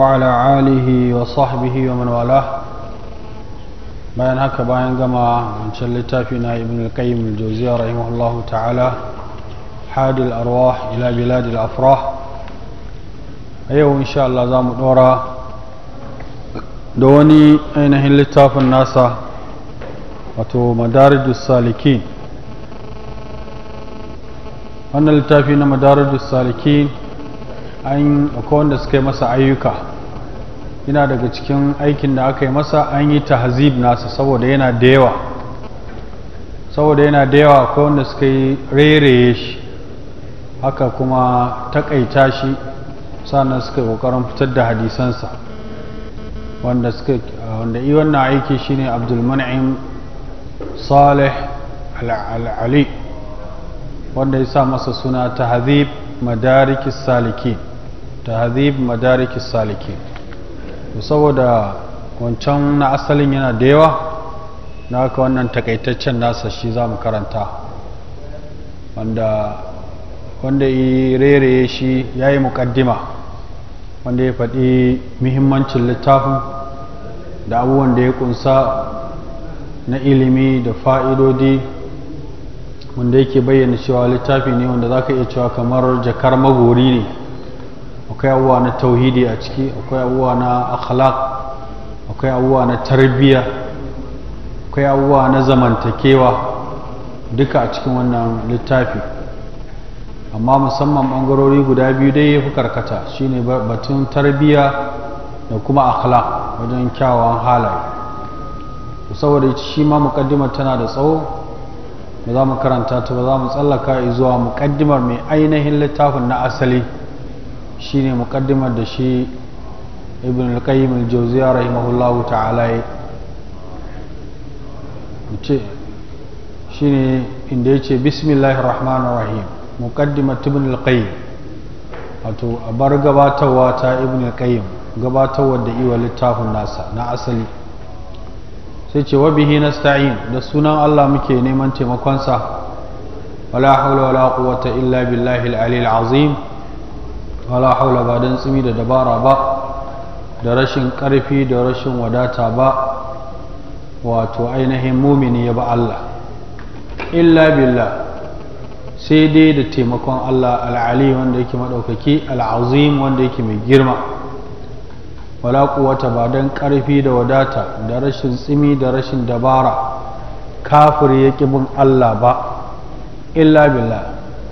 وعلى آله وصحبه ومن والاه bayan haka bayan gama wancan littafi na ibn al-qayyim al-jawziya rahimahullahu ta'ala hadil arwah ila bilad al-afrah a yau insha Allah za mu dora da wani ainihin littafin nasa wato madarijus salikin wannan littafi na madarijus salikin an akwai wanda suka yi masa ayyuka yana daga cikin aikin da aka yi masa an yi tahzib nasa saboda yana da yawa saboda yana da yawa akwai wanda suka yi rereye shi haka kuma takaita shi sannan suka yi kokarin fitar da hadisansa wanda suka wanda yi wannan aiki shine abdulman'im salih al'ali wanda ya sa masa suna tahzib madarikis saliki tahzib madariki saliki saboda wancan na asalin yana da yawa na ka wannan takaitaccen nasa shi za mu karanta wanda wanda yi rere shi ya yi muƙaddima wanda ya faɗi muhimmancin littafin da abubuwan da ya kunsa na ilimi da fa'idodi wanda yake bayyana cewa littafi ne wanda za ka iya cewa kamar jakar magori ne akwai abubuwa na tauhidi a ciki akwai abubuwa na akhlaq akwai abubuwa na tarbiyya akwai abubuwa na zamantakewa duka a cikin wannan littafi amma musamman bangarori guda biyu dai yafi karkata shine batun tarbiyya da kuma akhlaq wajen kyawawan halaye saboda shi ma mukaddimar tana da tsawo ba za mu karanta ta ba za mu tsallaka zuwa mukaddimar mai ainihin littafin na asali Shi shine muqaddimar da shi ibn al-qayyim al-jawziya rahimahullahu ta'ala yace shine inda yace bismillahir rahmanir rahim muqaddimat ibn al-qayyim wato a bar gabatarwa ta ibn al-qayyim gabatarwa da iwa littafin nasa na asali sai ce wa bihi nasta'in da sunan Allah muke neman taimakon sa. wala hawla wala quwwata illa billahi al-ali al-azim wala haula ba don tsimi da dabara ba da rashin ƙarfi da rashin wadata ba wato ainihin mumini ya ba Allah illa billah sai dai da taimakon Allah al'ali wanda yake maɗaukaki al'azim wanda yake mai girma wala kuwata ba don ƙarfi da wadata da rashin tsimi da rashin dabara kafir ya ƙibin Allah ba illa billah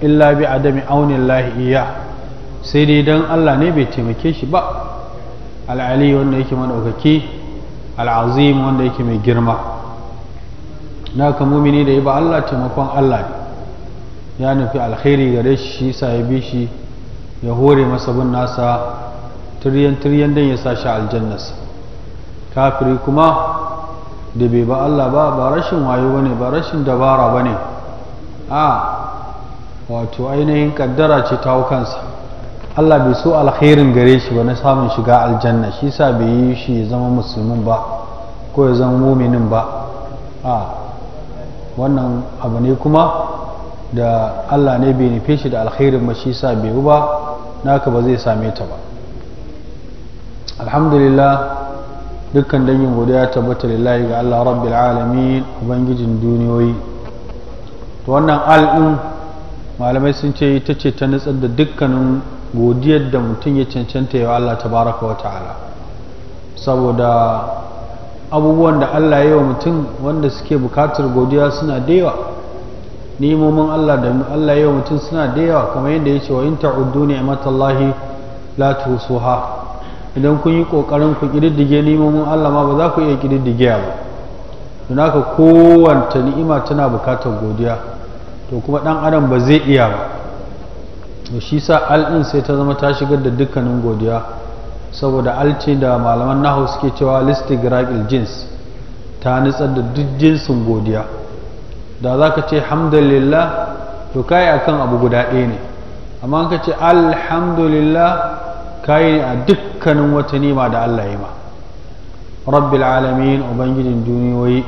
illa bi adami aunin lahiya sai dai dan Allah ne bai taimake shi ba al'ali wanda yake maɗaukaki al'azim wanda yake mai girma na ka mumini da yi ba Allah taimakon Allah ne ya nufi alkhairi gare shi sa ya bi shi ya hore masa bin nasa tiryan tiryan dan ya sa shi aljannasa kafiri kuma da bai ba Allah ba ba rashin wayo bane ba rashin dabara bane a wato ainihin kaddara ce ta kansa Allah bai so alkhairin gare shi ba na samun shiga aljanna shi sa bai yi shi ya zama musulmin ba ko ya zama muminin ba a wannan abu ne kuma da Allah ne bai nufe shi da alkhairin ba shi sa bai ba naka ba zai same ta ba alhamdulillah dukkan dangin godiya tabbata lillahi ga Allah rabbil alamin ubangijin duniyoyi to wannan al'in malamai sun ce ita ce ta nutsar da dukkanin godiyar da mutum ya cancanta yawa Allah Ta baraka wa ta'ala saboda abubuwan da Allah ya yi wa mutum wanda suke bukatar godiya suna da yawa nemomin Allah da Allah ya yi wa mutum suna da yawa kamar yadda ya ce wa in ta'uddu ni'matallahi la tusuha idan kun yi kokarin ku kididdige nemomin Allah ma ba za ku iya kididdige ba don haka kowace ni'ima tana bukatar godiya to kuma dan adam ba zai iya ba to shi sa al'in sai ta zama ta shigar da dukkanin godiya saboda alci da malaman nahu suke cewa listigraqil jins ta nutsar da duk jinsin godiya da za ka ce hamdulillah to kayi kan abu guda ɗaya ne amma ka ce alhamdulillah kayi a dukkanin wata nima da Allah ya ma rabbil alamin ubangijin duniyoyi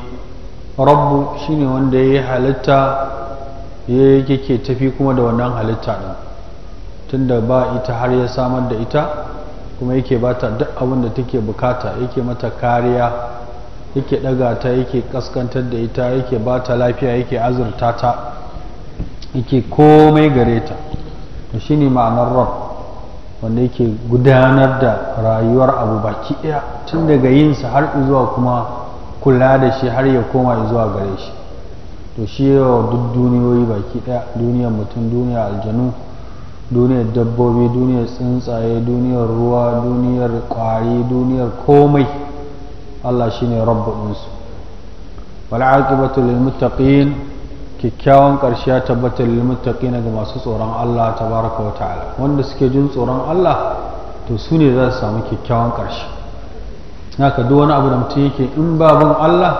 rabbu shine wanda ya yi halitta ya yake tafi kuma da wannan halitta ɗin tunda ba ita har ya samar da ita kuma yake ba ta duk abin da take bukata yake mata kariya yake daga ta yake kaskantar da ita yake ba ta lafiya yake azurta ta yake komai gare ta to shine ma'anar rab wanda yake gudanar da rayuwar abu baki ɗaya tun daga yinsa har zuwa kuma kula da shi har ya koma zuwa gare shi to shi yawa duk duniyoyi baki ɗaya duniyar mutum duniyar aljanu duniyar dabbobi duniyar tsuntsaye duniyar ruwa duniyar kwari duniyar komai Allah shine rabbinsu wal aqibatu lil muttaqin kikkiawan ƙarshe ya tabbata lil muttaqin ga masu tsoron Allah tabaraka wa ta'ala wanda suke jin tsoron Allah to su ne za su samu kikkiawan ƙarshe haka duk wani abu da mutum yake in babin Allah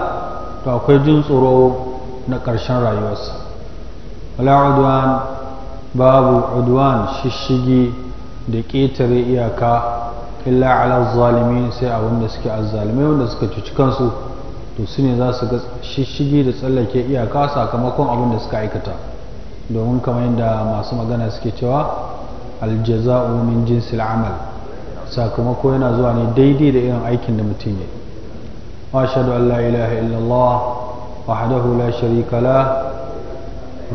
to akwai jin tsoro na ƙarshen rayuwarsa wala babu udwan shishigi da ƙetare iyaka illa ala zalimi sai a wanda suke azzalimai wanda suka cuci kansu to su ne za su ga shishigi da tsallake iyaka sakamakon abin da suka aikata domin kamar yadda masu magana suke cewa aljaza'u min jinsil amal sakamako yana zuwa ne daidai da irin aikin da mutum ya wa shaɗu an la ilaha illallah wahdahu la sharika la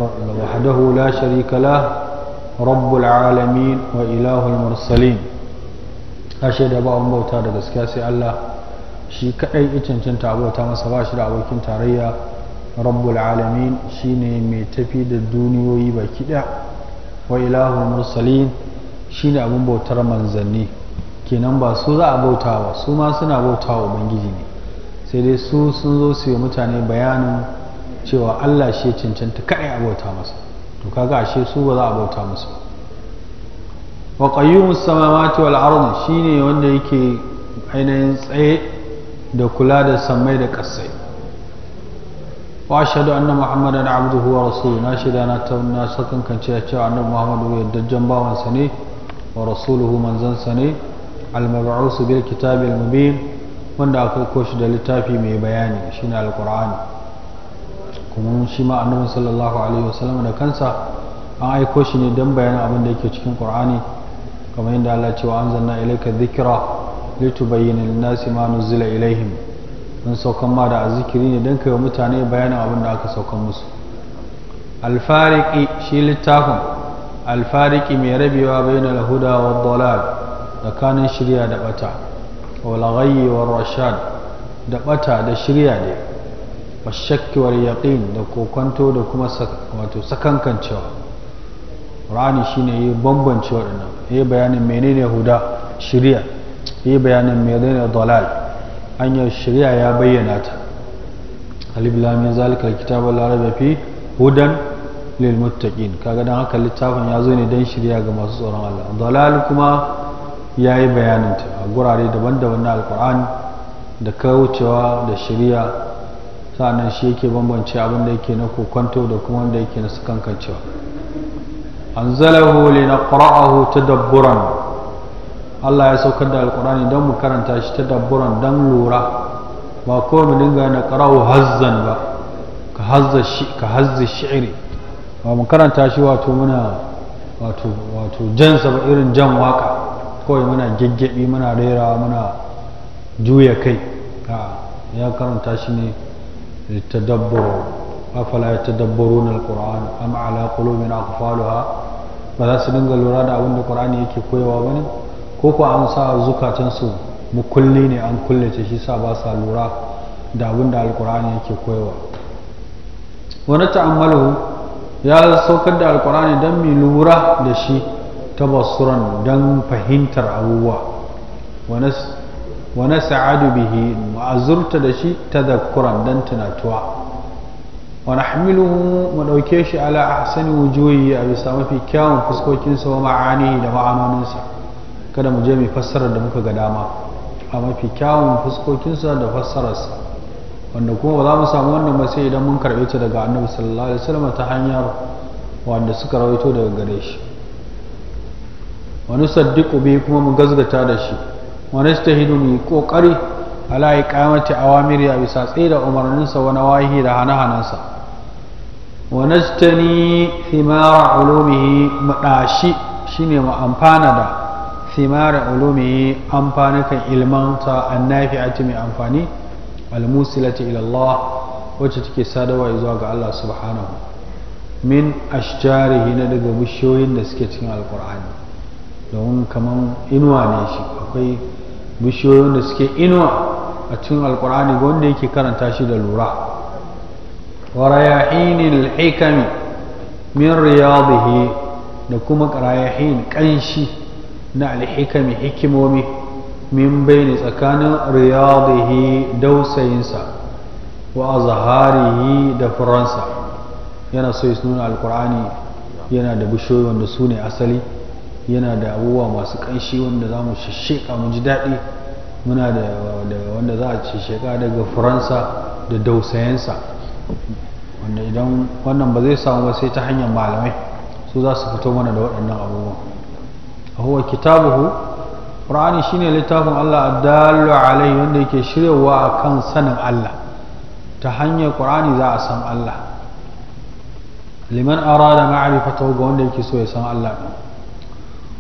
وحده لا شريك له رب العالمين وإله المرسلين أشهد أبا أم بوتا دقسكاسي الله shi kadai ya cancanta abota masa ba shi da abokin tarayya rabbul alamin shine mai tafi da duniyoyi baki daya wa ilahul mursalin shine abun bautar manzanni kenan ba su za a bautawa su ma suna bautawa ubangiji ne sai dai su sun zo su yi mutane bayanin cewa Allah shi cancanta kaɗai a bauta masa to kaga ashe su ba za a bauta musu wa qayyumus samawati wal ardh shine wanda yake ainihin tsaye da kula da samai da kasai wa ashhadu anna muhammadan abduhu wa rasuluhu na shida na ta na sakan kan cewa cewa annabi muhammadu yaddajjan bawan sa ne wa rasuluhu manzon sa ne al mab'us bil kitabil mubin wanda aka koshi da littafi mai bayani shine alqur'ani kuma shi ma annabi sallallahu alaihi wasallam da kansa an aiko shi ne dan bayanin abin da yake cikin qur'ani kamar yadda Allah cewa anzalna ilayka dhikra litubayyana lin-nasi ma nuzila ilayhim mun saukan ma da azzikiri ne dan kai mutane bayanin abin da aka sauka musu al-fariqi shi littafin alfariki mai rabewa bayan lahuda wa dalal tsakanin shirya da bata wal ghayyi wa rashad da bata da shirya ne mashakkiwar yaƙin da kokonto da kuma wato sakankancewa qur'ani shine yi bambance waɗannan yi bayanin menene huda shirya yi bayanin menene dalal hanyar shirya ya bayyana ta alif lam min zalika alkitabu la fi hudan lil muttaqin kaga dan haka littafin ya zo ne dan shirya ga masu tsoron Allah dalal kuma yayi bayanin ta a gurare daban-daban na alkur'ani da kaucewa da shirya. sa'annan shi yake bambance abin da yake na kokonto da kuma wanda yake na sukankancewa an zalahu li na ta dabburan Allah ya saukar da alƙurani don mu karanta shi ta dabburan don lura ba ko mu dinga na ƙara'u hazzan ba ka hazzi shi'iri ba mu karanta shi wato muna wato wato jansa ba irin jan waka kawai muna gyaggabi muna rera muna juya kai ya karanta shi ne للتدبر أفلا يتدبرون القرآن أم على قلوب أقفالها lura da abin da ƙur'ani yake koyawa ba ne ko ko an sa zukatansu mukulli ne an kullace shi sa ba lura da abin da alƙur'ani yake koyawa wani ta'ammalu ya saukar da alƙur'ani don mai lura da shi ta basuran don fahimtar abubuwa wa na sa'adu bihi ma'azurta da shi ta zakuran don tunatuwa wa na mu ɗauke shi ala sani wujuyi, a bisa mafi kyawun fuskokinsa wa ma'ani da ma'anoninsa kada mu je mai fassarar da muka ga dama a mafi kyawun fuskokinsa da fassararsa wanda kuma ba za mu samu wannan ba idan mun karɓe ta daga annabi sallallahu alaihi wasallam ta hanyar wanda suka rawaito daga gare shi wani saddiƙu bi kuma mu gazgata da shi wa nastahidu mu kokari ala iqamati awamiri a bisa da umarninsa wani wahi da hana-hanansa wa najtani thimara ulumihi madashi shine mu da thimara ulumihi amfanukan ilmanta annafi'ati mai amfani almusilati ilallah Allah wacce take sadarwa zuwa ga Allah subhanahu min ashjarihi na daga bishiyoyin da suke cikin alkur'ani domin kaman inuwa ne shi akwai bishiyoyin da suke inuwa a cikin alkur'ani wanda yake karanta shi da lura wa rayahinil hikami min riyadihi da kuma rayahin kanshi na alhikami hikimomi min baini tsakanin riyadihi dausayinsa wa azharihi da faransa. yana so ya nuna alkur'ani yana da bishiyoyi wanda su ne asali yana da abubuwa masu ƙanshi wanda za mu shasheka mu ji daɗi muna da wanda za a shasheka daga faransa da dausayensa wanda idan wannan ba zai samu ba sai ta hanyar malamai su za su fito mana da waɗannan abubuwa. abubuwan huwa kitabuhu ƙur'ani shine littafin Allah adallu alai wanda yake shiryawa kan sanin Allah ta hanyar ƙur'ani za a san Allah liman arada ma'rifatahu ga wanda yake so ya san Allah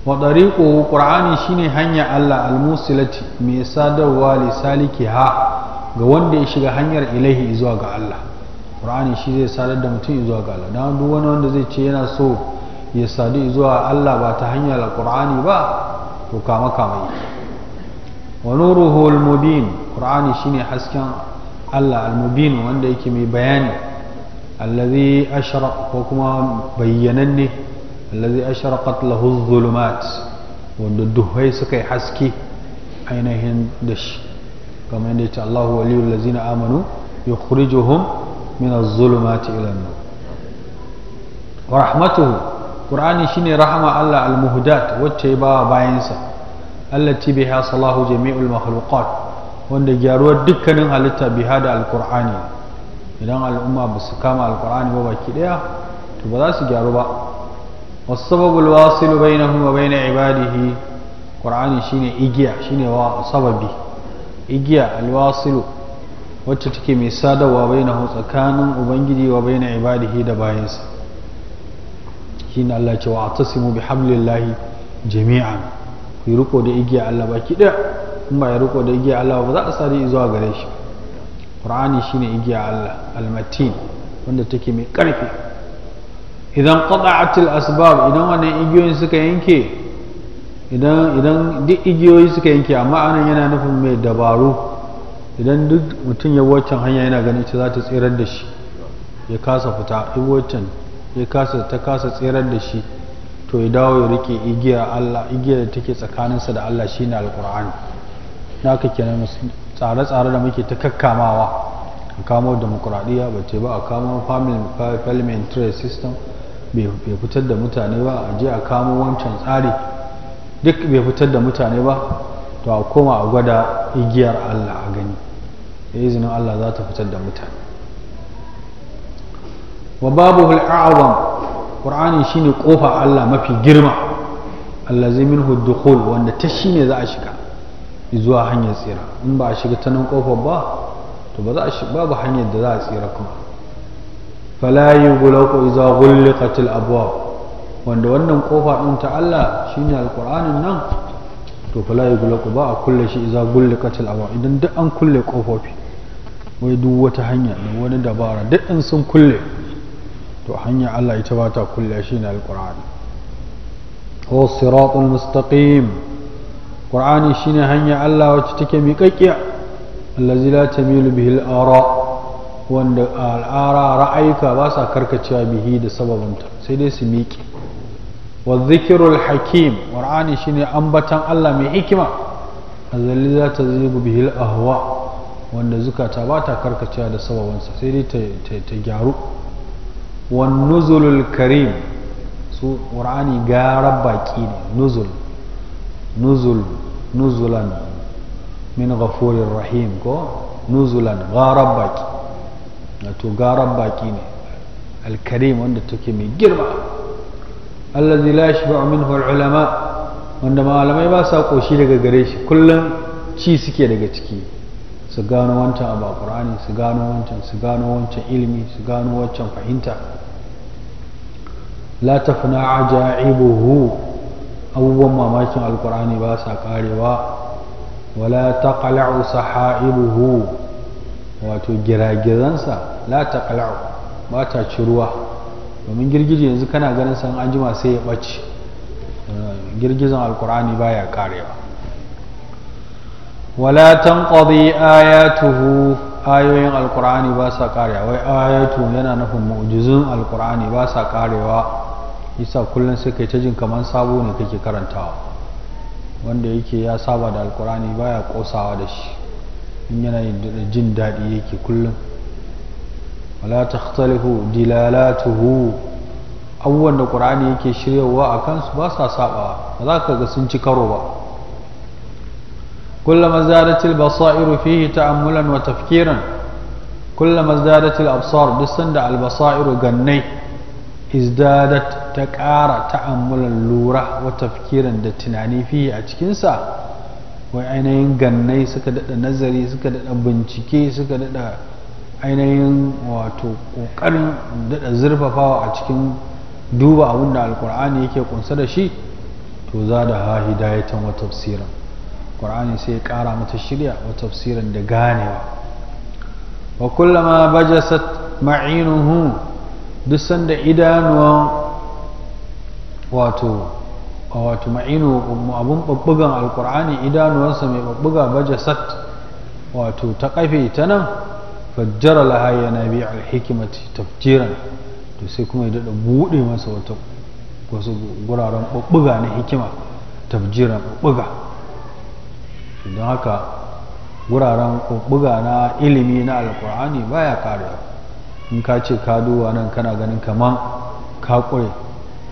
wa dariqu qur'ani shine hanya Allah al almusilati mai sadarwa li saliki ha ga wanda ya shiga hanyar ilahi zuwa ga Allah qur'ani shi zai sadar da mutum zuwa ga Allah dan duk wani wanda zai ce yana so ya sadu zuwa Allah ba ta hanyar qur'ani ba to kama kama wa nuruhu mubin qur'ani shine hasken Allah al-mubin wanda yake mai bayani allazi ashraq ko kuma bayyananne allazi ashraqat lahu adh-dhulumat wanda duhai suka yi haske ainihin da shi kamar yadda Allahu waliyul ladzina amanu yukhrijuhum min adh-dhulumati ila an-nur wa rahmatuhu qur'ani shine rahama Allah al-muhdat wacce ya bawa bayansa allati biha salahu jami'ul makhluqat wanda gyaruwar dukkanin halitta biha da al-qur'ani idan al'umma ba su kama al-qur'ani ba baki daya to ba za su gyaru ba والسبب الواصل بينه وبين عباده take mai sadarwa bai tsakanin ubangiji wa bai na da bayansa a tasimu bi hablillahi jami'an ku yi riko da igiya ba da za a sadi zuwa gare shi ƙur'ani shine igiya idan qata'atil asbab idan wannan igiyoyin suka yanke idan idan duk igiyoyi suka yanke amma anan yana nufin mai dabaru idan duk mutum ya waccan hanya yana ganin ita za ta tserar da shi ya kasa fita in waccan ya kasa ta kasa tserar da shi to ya dawo ya rike igiya Allah igiya da take tsakaninsa da Allah shine alqur'ani naka kenan tsare-tsare da muke ta kakkamawa a kamo demokuraɗiyya ba ce ba a kamo interest system bai fitar da mutane ba a je a kamo wancan tsari duk bai fitar da mutane ba to a koma a gwada igiyar Allah a gani da izinin Allah za ta fitar da mutane wa babu ƙur'ani shi ne ƙofa Allah mafi girma Allah zai min dukhul wanda ta shi ne za a shiga zuwa hanyar tsira in ba a shiga ta nan ƙofar ba to ba za a babu hanyar da za a tsira kuma fala yughlaqu idza ghuliqatil abwab wanda wannan kofa ɗin ta Allah ne alqur'anin nan to fala yughlaqu ba a kulle shi idza ghuliqatil abwab idan duk an kulle kofofi wai duk wata hanya da wani dabara duk in sun kulle to hanya Allah ita ba ta kulle ne Alƙur'ani. ko siratul mustaqim shi shine hanya Allah wacce take miƙaƙƙiya allazi la tamilu bihi al-ara' wanda al'ara ra'ayuka ba sa karkacewa bihi da sababinta sai dai su miƙe wa zikirul hakim ƙur'ani shine ambatan Allah mai hikima azalli za ta zibu bihil ahwa wanda zukata ba ta karkacewa da sababansa sai dai ta gyaru wa nuzulul karim su qur'ani gara baki ne nuzul nuzul nuzulan min ghafurir rahim ko nuzulan garar baki wato garar baki ne alkarim wanda take mai girma allazi la yashba'u minhu ulama wanda malamai ba sa koshi daga gare shi kullum ci suke daga ciki su gano wancan abu qur'ani su gano wancan su gano wancan ilimi su gano wancan fahimta la tafna ajaibuhu abubuwan mamakin alkur'ani ba sa karewa wala taqla'u sahaibuhu wato giragizansa la taqla'u ba ta ci ruwa domin girgije yanzu kana ganin san an jima sai ya ɓace eh, girgizan alkur'ani baya karewa Walatan tanqadi ayatuhu ayoyin alkur'ani ba sa karewa wai ayatu yana nufin mu'jizun alkur'ani ba sa karewa Yasa kullum sai kai ta jin kamar sabo ne kake karantawa wanda yake ya saba da alkur'ani baya kosawa da shi in yana jin daɗi yake kullum wala takhtalifu dilalatuhu abubuwan da ƙur'ani yake shiryawa a kansu ba sa sabawa ba za ka ga sun ci karo ba kullama zadatil basairu fihi ta'ammulan wa tafkiran kullama zadatil absar duk sanda albasairu gannai izdadat ta ƙara ta'ammulan lura wa tafkiran da tunani fihi a cikinsa wai ainihin gannai suka daɗa nazari suka daɗa bincike suka daɗa ainihin wato ƙoƙarin daɗa zurfafawa a cikin duba abin da alkur'ani yake kunsa da shi to za da ha hidayatan wa tafsiran ƙur'ani sai ya ƙara mata shirya wa tafsiran da ganewa wa kullama bajasat ma'inuhu duk sanda idanuwan wato wato ma'inu abun babbugan alkur'ani idanuwansa mai babbuga bajasat wato ta kafe ta nan fajjara laha yanabi alhikimati tafjiran to sai kuma ya dada bude masa wata wasu guraren bubbuga na hikima tafjiran bubbuga don haka guraren bubbuga na ilimi na alkur'ani baya kare in ka ce ka duwa nan kana ganin kaman ka kure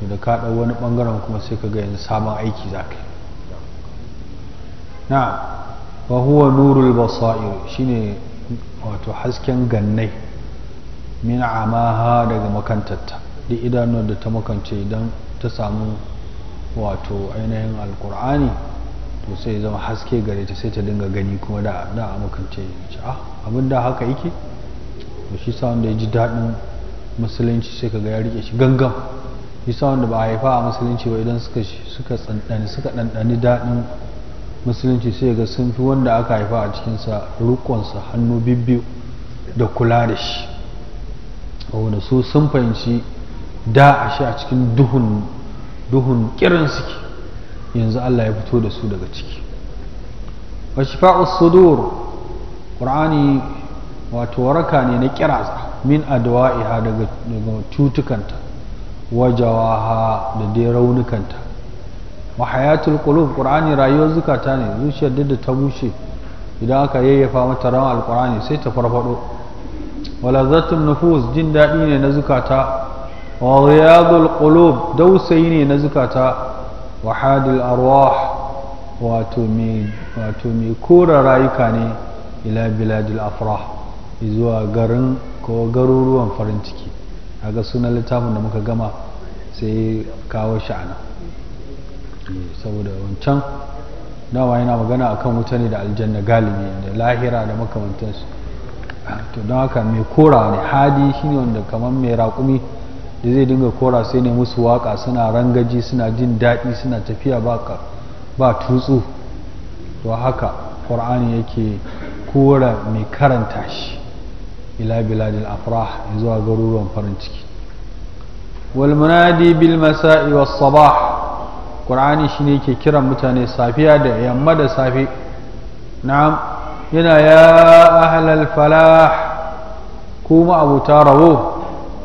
to da ka dau wani bangaren kuma sai ka ga yanzu sabon aiki zaka yi na wa huwa nurul basair shine wato hasken gannai min amaha daga makantarta da idanuwar da ta makance idan ta samu wato ainihin alkur'ani to sai zama haske gare ta sai ta dinga gani kuma da a makance ah abin da haka yake to shi sa wanda ya ji daɗin musulunci sai kaga ya rike shi gangan shi sa wanda ba a haifa a musulunci ba idan suka suka suka daɗin musulunci sai ga sun fi wanda aka haifa a cikinsa rukunsa hannu bibbiyu da kula da shi wanda su sun fahimci da a shi a cikin duhun duhun kiran suke yanzu Allah ya fito da su daga ciki wa shifa'us sudur qur'ani wato waraka ne na kiratsa min adwa'iha daga daga cutukanta wajawaha da dai raunukanta wa hayatul qulub qur'ani rayuwar zukata ne zuciyar duk da ta bushe idan aka yayyafa mata ran alqur'ani sai ta farfado walazatun nufus jin daɗi ne na zukata wa riyadul qulub dausayi ne na zukata wa hadil arwah wato mai kora rayuka ne ila biladil afrah zuwa garin ko garuruwan farin ciki a sunan littafin da muka gama sai kawo sha'ana saboda wancan dama yana magana a kan wuta ne da aljanna galibi da lahira da makamantansu ah, to don haka mai kora ne hadi shi ne wanda kamar mai raƙumi da zai dinga kora sai ne musu waƙa suna rangaji suna jin daɗi suna tafiya ba tutsu to haka ƙur'ani yake kora mai karanta shi ila biladil afrah zuwa garuruwan farin ciki wal munadi bil masa'i shi shine ke kiran mutane safiya da yamma da safe na'am yana ya ahlal falah kuma abuta rawo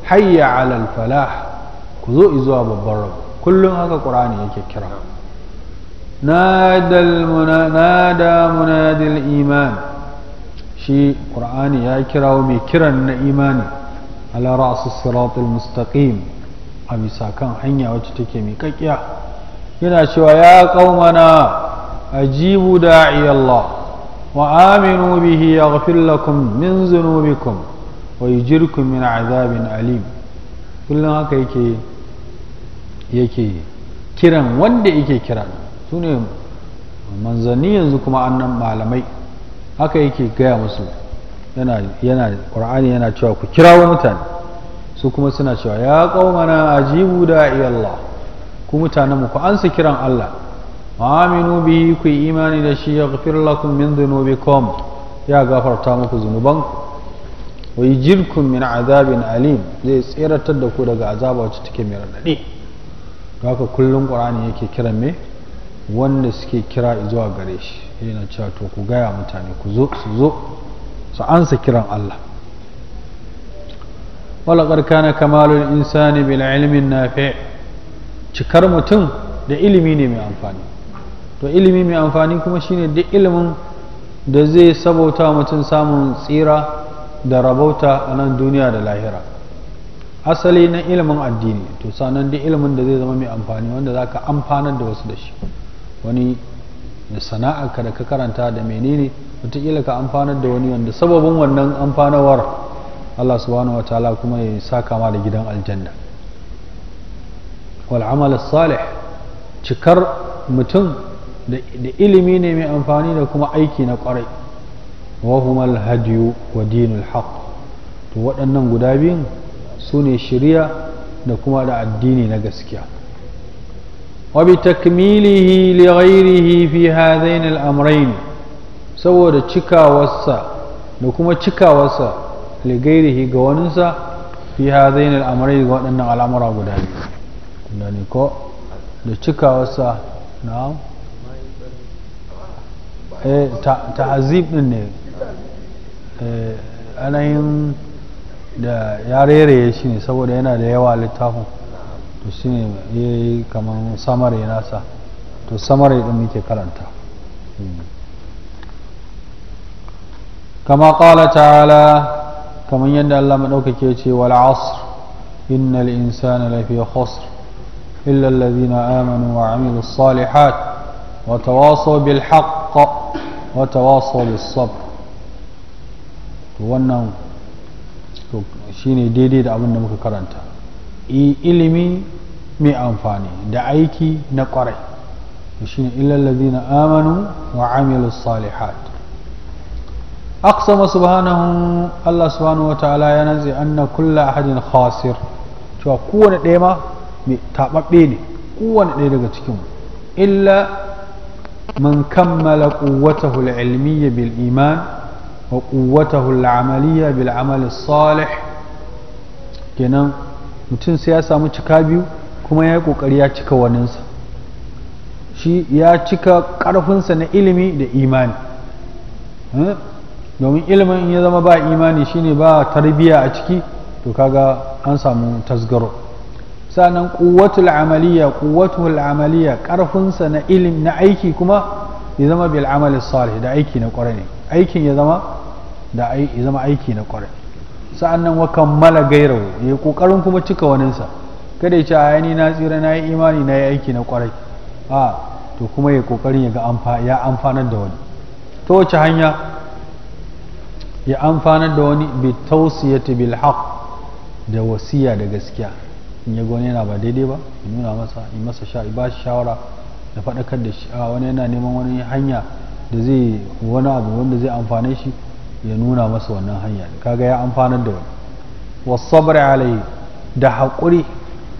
hayya alal falah ku zo zuwa babban rabo kullum haka qur'ani yake kira nada munadil iman shi ƙur'ani ya kirawo mai kiran na imani ala ra'su siratul mustaqim a bisa kan hanya wacce take miƙaƙƙiya yana cewa ya mana ajibu da'i Allah wa aminu bihi yaghfir lakum min wa min azabin alim kullum haka yake yake kiran wanda yake kiran sune manzanni yanzu kuma annan malamai haka yake gaya musu yana yana yana cewa ku kirawo mutane su kuma suna cewa ya mana ajibu da'i Allah ku mutanen mu ku ansa kiran Allah aminu bihi ku imani da shi yaghfir lakum min dhunubikum ya gafarta muku zunubanku wa yujirkum min azabin alim zai tseratar da ku daga azaba wacce take mai radadi haka kullum qur'ani yake kiran me wanda suke kira zuwa gare shi yana cewa to ku gaya mutane ku zo su zo su ansa kiran Allah ولقد كان كمال الإنسان بالعلم النافع cikar mutum da ilimi ne mai amfani to ilimi mai amfani kuma shine duk ilimin da zai sabauta mutum samun tsira da rabauta a nan duniya da lahira asali na ilimin addini to sanan duk ilimin da zai zama mai amfani wanda za ka amfanar da wasu da shi wani da sana'arka da ka karanta da menene wataƙila ka amfanar da wani wanda sababin wannan amfanawar Allah subhanahu wa ta'ala kuma ya sa kama da gidan aljanna wal salih cikar mutum da ilimi ne mai amfani da kuma aiki na kwarai wa humal wa dinul haq to waɗannan guda biyun su ne shirya da kuma da addini na gaskiya wa takmilihi li ghairihi fi hadhain al amrayn saboda cikawarsa da kuma cikawarsa li ghairihi ga waninsa fi hadhain al amrayn waɗannan al'amura guda biyu tunani ko da cikawarsa na eh ta'azib din ne eh, anayin da ya ya shi ne saboda yana da yawa littafin to shi ne ya yi kamar samare nasa to samare din muke karanta hmm. kama ƙala ta'ala kamar yadda Allah maɗaukake ce wal asr innal insana lafiya khusr إلا الذين آمنوا وعملوا الصالحات وتواصوا بالحق وتواصوا بالصبر wannan shine daidai da abin da muka karanta ilimi mai amfani da aiki na kwarai shine illallazi na amanu wa amilu salihat aqsama subhanahu Allah subhanahu wa ta'ala ya nazi anna kulla ahadin khasir cewa kowane ɗaya ma taɓaɓɓe ne kowane ɗaya daga cikin illa man kammala quwwatahu al-ilmiyya bil iman wa quwwatahu al-amaliyya bil amal salih kenan mutum sai ya samu cika biyu kuma ya yi kokari ya cika waninsa shi ya cika ƙarfinsa na ilimi da imani hmm? domin ilimin ya zama ba imani shine ba tarbiyya a ciki to kaga an samu tasgaro sanan quwwatul amaliya quwwatul amaliya karfinsa na ilim na aiki kuma ya zama bil amali salih da aiki na ne aikin ya zama da ya zama aiki na kwarai sa'annan wa kammala gairahu ya kokarin kuma cika sa kada ya ce a ni na tsira na yi imani na yi aiki na kwarai a to kuma ya kokarin ya ga ya amfanar da wani ta wace hanya ya amfanar da wani bi tausiyati bil haq da wasiya da gaskiya in ya goni yana ba daidai ba in nuna masa in masa sha ba shi shawara da faɗakar da shi a wani yana neman wani hanya da zai wani abu wanda zai amfane shi ya nuna masa wannan hanya kaga ya amfanar da wani wasabri alaihi da haƙuri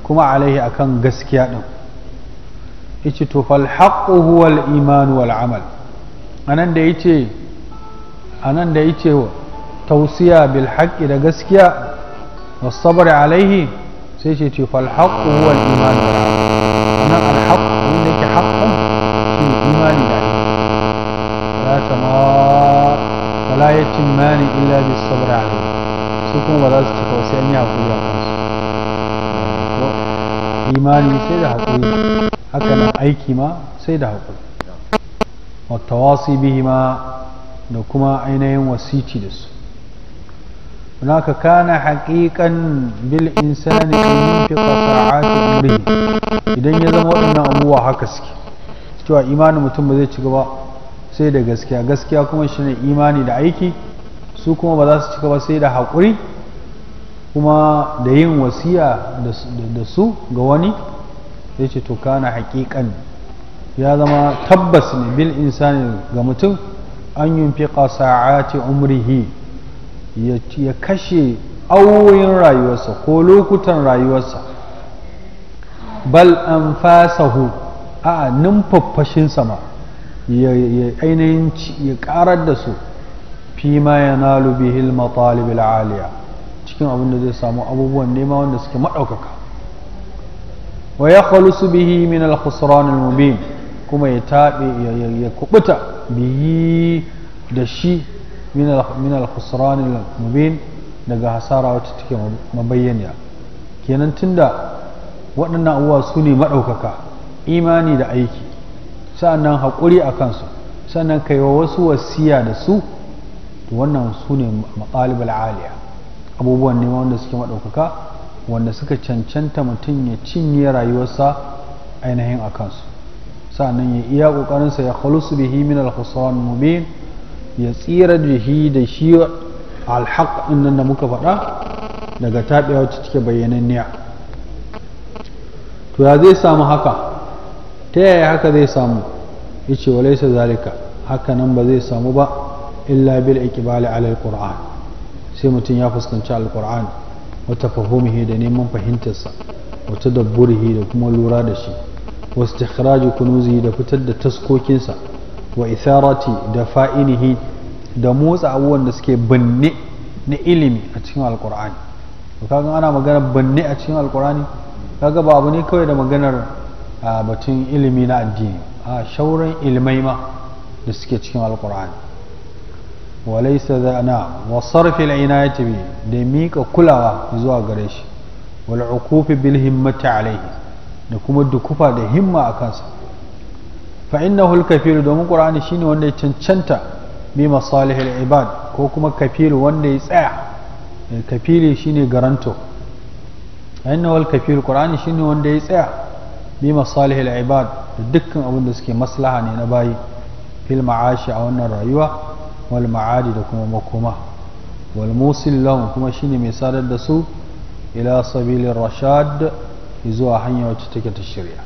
kuma alaihi akan gaskiya ɗin yace to fal haqqu huwa al iman wal amal anan da yace anan da yace tausiya bil haqqi da gaskiya wasabri alaihi sai shi ce falhaƙu huwa al-iman da wannan alhaƙu wanda yake haƙƙun shi ne imani da ake ya kama wala ya cin mani illa bi sabr alai su kuma ba za su cika wasu an yi haƙuri a kansu imani sai da haƙuri haka nan aiki ma sai da haƙuri Wata tawasi bihi ma da kuma ainihin wasici da su هناك كان حقيقا بالإنسان أن ينفق ساعات عمره إذن يزم وإن أبوه هكسك cewa imanin mutum ba zai ci gaba sai da gaskiya gaskiya kuma shi ne imani da aiki su kuma ba za su ci gaba sai da haƙuri kuma da yin wasiya da su ga wani ya ce to kana haƙiƙan ya zama tabbas ne bil insani ga mutum an yunfiqa sa'ati umrihi ya kashe auwoyin rayuwarsa ko lokutan rayuwarsa bal an fasahu a numfaffashin sama ya ainihin ya karar da su fi ma ya nalu bihil matalib aliya cikin abin da zai samu abubuwan nema wanda suke maɗaukaka wa ya khalusu bihi min al mubin kuma ya taɓe ya kubuta bihi da shi min al-khusran mubin daga hasara wacce take mabayyaniya kenan tunda waɗannan abubuwa su ne maɗaukaka imani da aiki sa'annan haƙuri a kansu sannan kai wa wasu wasiya da su to wannan su ne maƙalib al'aliya abubuwan ne wanda suke maɗaukaka wanda suka cancanta mutum ya cinye rayuwarsa ainihin a kansu sa'annan ya iya ƙoƙarinsa ya khalusu bihi min al-khusran mubin ya tsira da shi da shi alhaq nan da muka faɗa daga taɓewa cike bayyananniya to ya zai samu haka ta yaya haka zai samu ya ce walaisa zalika haka nan ba zai samu ba illa bil ikibali ala alquran sai mutum ya fuskanci alquran wata fahimuhi da neman fahimtarsa wata dabburihi da kuma lura da shi wasu da kunuzi da fitar da taskokinsa wa isarati da fa'inihi da motsa abubuwan da suke binne na ilimi a cikin alkur'ani kaga ana magana binne a cikin alkur'ani kaga ba abu ne kawai da maganar batun ilimi na addini a shauran ilmai ma da suke cikin alkur'ani walaisa da na wasarfi al'inayati bi da miƙa kulawa zuwa gare shi wal'ukufi bil himmati alaihi da kuma dukufa da himma a kansa fa domin qur'ani shine wanda ko kuma kafiru wanda ya tsaya eh, kafiri shine garanto fa innahu al wanda ya tsaya bi masalihil ibad da dukkan abin suke maslaha ne na bayi fil a wannan rayuwa wal da kuma makoma kuma shine mai sadar da su ila zuwa hanya wacce take shirya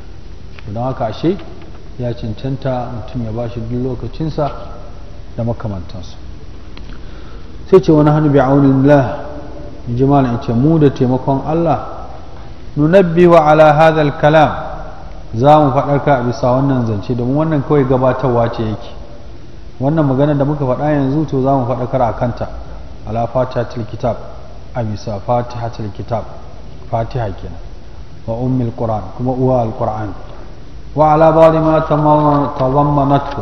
don haka ashe ya cancanta mutum ya bashi duk lokacinsa da makamantansa sai ce wani hannu bi'aunillah in ji malam ce mu da taimakon Allah wa ala hadal kalam za mu faɗarka a bisa wannan zance domin wannan kawai gabatarwa ce yake wannan magana da muka faɗa yanzu to za mu faɗakar a kanta ala fatihatul kitab a bisa fatihatul kitab fatiha kenan wa ummil qur'an kuma uwa al-qur'an وعلى بعض ما تضمنته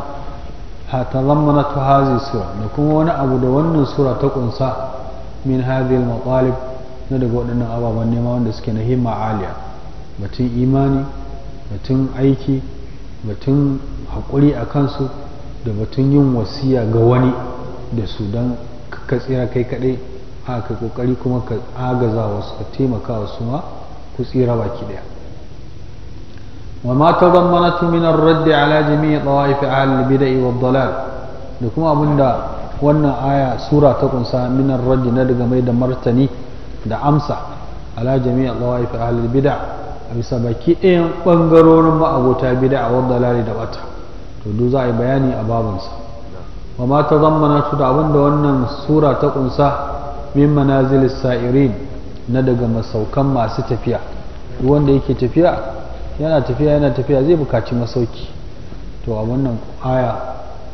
تضمنته هذه السورة نكون وانا أبو دون سورة تكون سا من هذه المطالب ندقوا أن suke na himma هي معالية batun imani batun aiki batun haƙuri a kansu da batun yin wasiya ga wani da su don ka tsira kai kaɗai a ka ƙoƙari kuma ka agaza wasu ka taimaka wasu ma ku tsira baki ɗaya mama ta zambana ta minar radda ya ala jam'iyya tsawo aiki fi'a wannan aya sura ta kunsa minar raddi na daga mai da martani da amsa ala jam'iyya tsawo aiki fi'a hall bi da a bi sa baki ɗayan ɓangaren ma abota bi da a wanda da bata ko duka za a yi bayani a babansa zamban ta zambana ta abun da wannan sura ta kunsa min manajiris ta irin na daga masaukan masu tafiya ko wanda yake tafiya. yana tafiya yana tafiya zai bukaci masauki to a wannan aya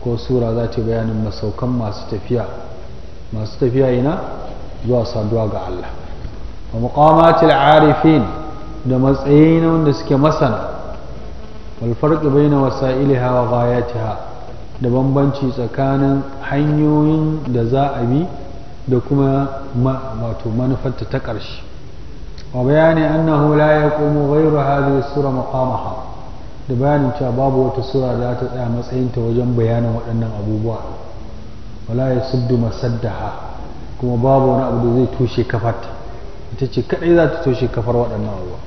ko sura za ta bayanin masaukan masu tafiya masu tafiya ina zuwa saduwa ga Allah wa muqamatil arifin da matsayi wanda suke masana wal farq baina wasailiha wa ghayatiha da bambanci tsakanin hanyoyin da za a bi da kuma wato manufarta ta ƙarshe وبيان أنه لا يقوم ya هذه السورة مقامها da bayanin cewa babu wata sura za ta matsayin ta wajen bayanin waɗannan abubuwa wala ya suddu masaddaha kuma babu wani abu da zai toshe kafarta ita ce kadai za toshe kafar waɗannan abubuwa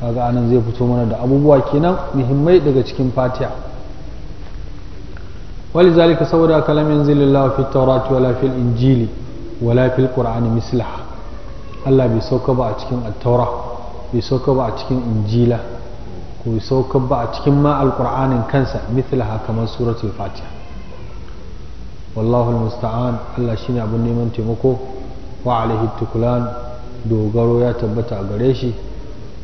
kaga anan zai fito mana da abubuwa kenan muhimmai daga cikin fatiha ولذلك saboda kalam ينزل الله في التوراة ولا في الإنجيل ولا في القرآن مثلها Allah bai sauka ba a cikin attaura bai sauka ba a cikin injila ko bai sauka ba a cikin ma alqur'anin kansa mithlaha kamar suratul fatiha wallahu almusta'an Allah shine abin neman taimako wa alaihi tukulan dogaro ya tabbata a gare shi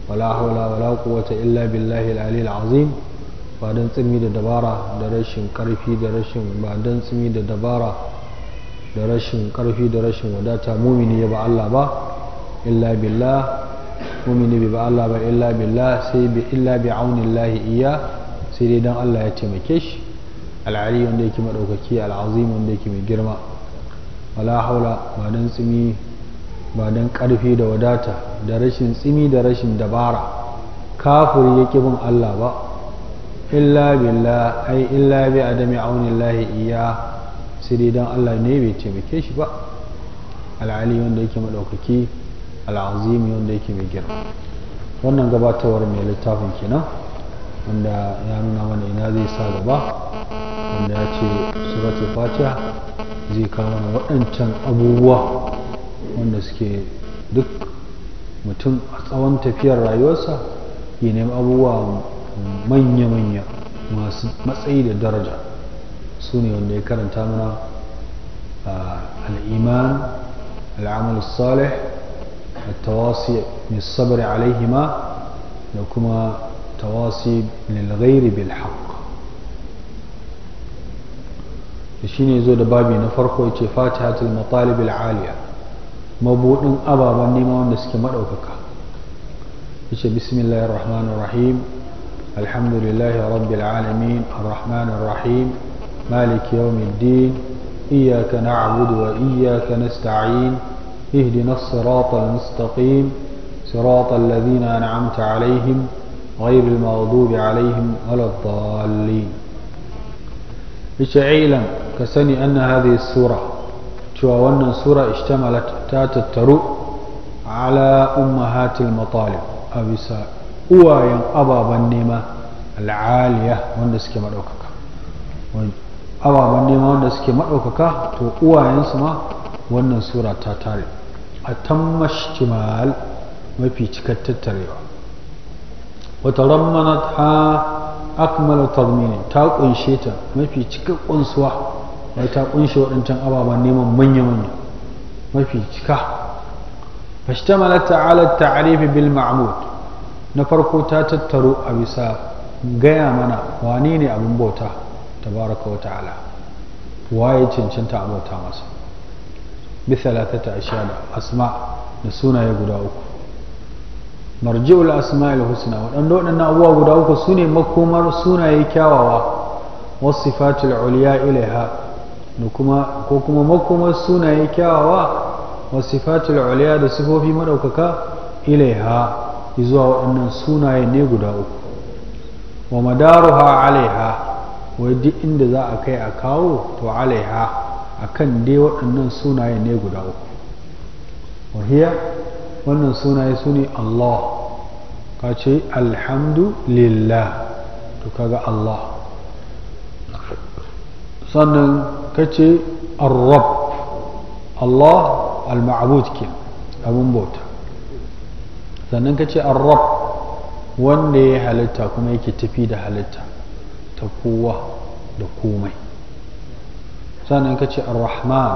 wala hawla wala quwwata illa billahi al-aliyyil azim ba don tsimi da dabara da rashin karfi da rashin ba tsimi da dabara da rashin karfi da rashin wadata mumini ya ba Allah ba illa billah mumini bai ba Allah ba illa billah sai bi illa bi aunillahi iya sai dai dan Allah ya taimake shi al'ali wanda yake madaukaki al'azim wanda yake mai girma wala haula ba dan tsimi ba dan karfi da wadata da rashin tsimi da rashin dabara kafiri yake bin Allah ba illa billah ai illa bi adami aunillahi iya sai dai dan Allah ne bai taimake shi ba al'ali wanda yake madaukaki al'azimi wanda yake mai girma wannan gabatawar mai littafin kenan wanda ya nuna mana ina zai sa gaba wanda ya ce suratul fatiha zai kawo mana waɗancan abubuwa wanda suke duk mutum a tsawon tafiyar rayuwarsa ya nemi abubuwa manya-manya masu matsayi da daraja su ne wanda ya karanta mana ah, al'iman al'amal salih التواصي بالصبر الصبر عليهما لكما تواصي للغير بالحق لشين يزود بابي نفرق ويتي المطالب العالية مبوط أبا بني ما ونسك مدعوكك بسم الله الرحمن الرحيم الحمد لله رب العالمين الرحمن الرحيم مالك يوم الدين إياك نعبد وإياك نستعين اهدنا الصراط المستقيم صراط الذين أنعمت عليهم غير المغضوب عليهم ولا الضالين بشعيلا كسني أن هذه السورة توانا سورة اشتملت تات الترو على أمهات المطالب أبسا هو أبا بنيمة العالية والنسكي مدوكك أبا بنيمة والنسكي مدوكك تو أوايا ينسمى ونسورة السورة تاتالي a tammash kimal mafi cikar tattarewa wata rammana ha akmala tarmini ta kunshe ta mafi cikar kunsuwa wai ta kunshe waɗancan ababen neman manya-manya mafi cika fashtama ta'ala ta'arifi bil ma'amud na farko ta tattaro a bisa gaya mana wane ne abin bauta tabaraka wa ta'ala waye cancanta bauta masa bi thalathata ashiya da asma da sunaye guda uku marji'ul asma'il husna waɗanda waɗannan abubuwa guda uku su ne makomar sunaye kyawawa wasu sifatul ilaiha kuma ko kuma makomar sunaye kyawawa wasu sifatul da sifofi madaukaka ilaiha zuwa waɗannan sunaye ne guda uku wa madaruha alaiha wai duk inda za a kai a kawo to alaiha akan dai waɗannan sunaye ne guda uku wahiya wannan sunaye su ne Allah ka ce alhamdulillah to kaga Allah sannan ka ce arab Allah al-ma'bud ke abun bauta sannan ka ce arab wanda ya halitta kuma yake tafi da halitta ta kowa da komai sannan ka ce ar-rahman